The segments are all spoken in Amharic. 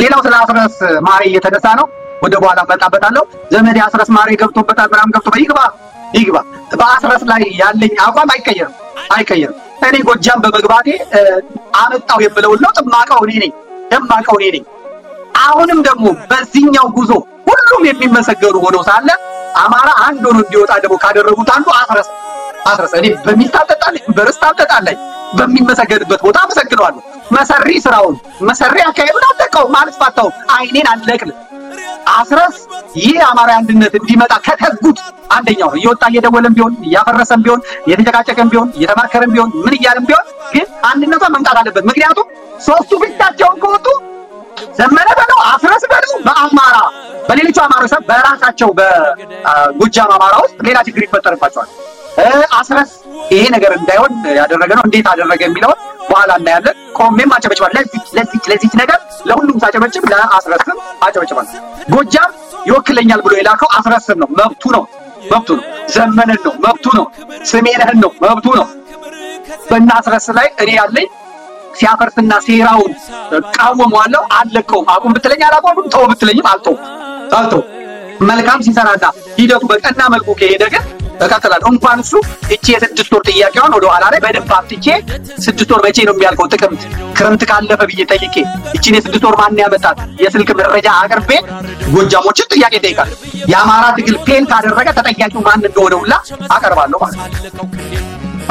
ሌላው ስለ አስረስ ማሬ እየተነሳ ነው። ወደ በኋላ መጣበታለሁ። ዘመድ አስረስ ማሬ ገብቶበታል ምናምን ገብቶ ይግባ ይግባ። በአስረስ ላይ ያለኝ አቋም አይቀየርም አይቀየርም። እኔ ጎጃም በመግባቴ አመጣው የምለውን ለውጥ ማቀው እኔ ነኝ ደማቀው እኔ ነኝ። አሁንም ደግሞ በዚህኛው ጉዞ ሁሉም የሚመሰገኑ ሆነው ሳለ አማራ አንድ ሆኖ እንዲወጣ ደግሞ ካደረጉት አንዱ አስረስ አስረስ እኔ በሚታጠጣልኝ በርስ ታጠጣለኝ በሚመሰገንበት ቦታ አመሰግነዋለሁ። መሰሪ ስራውን መሰሪ አካሄዱን አለቀው ማለት ፋታው አይኔን አለቅል አስረስ ይህ አማራ አንድነት እንዲመጣ ከተጉት አንደኛው ነው። እየወጣ እየደወለም ቢሆን እያፈረሰም ቢሆን እየተጨቃጨቀም ቢሆን እየተማከረም ቢሆን ምን እያለም ቢሆን ግን አንድነቷ መምጣት አለበት። ምክንያቱም ሶስቱ ብቻቸውን ከወጡ ዘመነ በለው አስረስ በሌሎቹ ማህበረሰብ በራሳቸው በጎጃም አማራ ውስጥ ሌላ ችግር ይፈጠርባቸዋል። አስረስ ይሄ ነገር እንዳይሆን ያደረገ ነው። እንዴት አደረገ የሚለውን በኋላ እናያለን። ቆሜም አጨበጭባል። ለዚች ለዚች ነገር ለሁሉም ሳጨበጭብ ለአስረስም አጨበጭባል። ጎጃም ይወክለኛል ብሎ የላከው አስረስም ነው። መብቱ ነው፣ መብቱ ነው። ዘመንን ነው፣ መብቱ ነው። ስሜነህን ነው፣ መብቱ ነው። በእነ አስረስ ላይ እኔ ያለኝ ሲያፈርስና ሴራውን እቃወመዋለሁ። አለቀውም። አቁም ብትለኝ አላቆምም፣ ተው ብትለኝም አልተውም። ጠልቶ መልካም ሲሰራና ሂደቱ በቀና መልኩ ከሄደ ግን እቀጥላለሁ። እንኳን እሱ እቺ የስድስት ወር ጥያቄዋን ወደ ኋላ ላይ በደንብ አጥቼ ስድስት ወር መቼ ነው የሚያልቀው? ጥቅምት ክረምት ካለፈ ብዬ ጠይቄ እቺን የስድስት ወር ማን ያመጣት የስልክ መረጃ አቅርቤ ጎጃሞችን ጥያቄ ጠይቃለሁ። የአማራ ትግል ፔን ካደረገ ተጠያቂው ማን እንደሆነ ሁላ አቀርባለሁ ማለት ነው።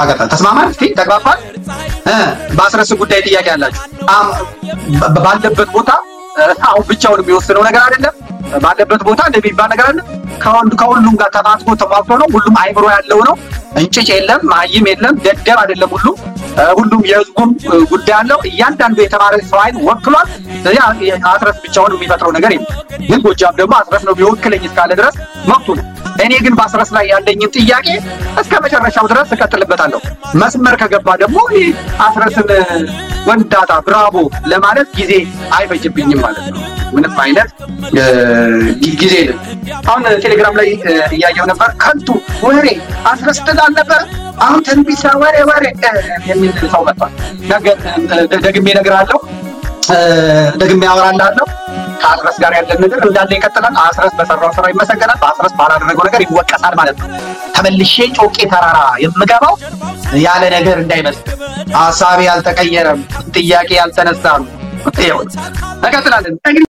አቀጣ ተስማማን፣ እስቲ ተግባባል? በአስረስ ጉዳይ ጥያቄ አላችሁ። ባለበት ቦታ አሁን ብቻውን የሚወስነው ነገር አይደለም። ባለበት ቦታ እንደሚባል የሚባል ነገር አለ። ከሁሉም ጋር ተጣጥፎ ተሟግቶ ነው። ሁሉም አይምሮ ያለው ነው። እንጭጭ የለም፣ ማይም የለም፣ ደደብ አይደለም። ሁሉም ሁሉም የህዝቡም ጉዳይ አለው። እያንዳንዱ የተማረ ሰው አይን ወክሏል። ስለዚህ አስረስ ብቻውን የሚፈጥረው ነገር የለም። ግን ጎጃም ደግሞ አስረስ ነው ቢወክለኝ እስካለ ድረስ መብቱ ነው። እኔ ግን በአስረስ ላይ ያለኝን ጥያቄ እስከ መጨረሻው ድረስ እቀጥልበታለሁ። መስመር ከገባ ደግሞ እኔ አስረስን ወንዳታ ብራቮ ለማለት ጊዜ አይፈጅብኝም ማለት ነው። ምንም አይነት ጊዜ ነው። አሁን ቴሌግራም ላይ እያየው ነበር። ከንቱ ወሬ አስረስ ድል ነበር አሁን ትንቢሳ ወሬ ወሬ የሚል ሰው መጥቷል። ነገር ደግሜ አለው ደግሜ አወራላለሁ። ከአስረስ ጋር ያለን ነገር እንዳለ ይቀጥላል። አስረስ በሰራው ስራ ይመሰገናል፣ በአስረስ ባላደረገው ነገር ይወቀሳል ማለት ነው። ተመልሼ ጮቄ ተራራ የምገባው ያለ ነገር እንዳይመስል። ሀሳቤ አልተቀየረም፣ ጥያቄ አልተነሳም። ይኸው እንቀጥላለን።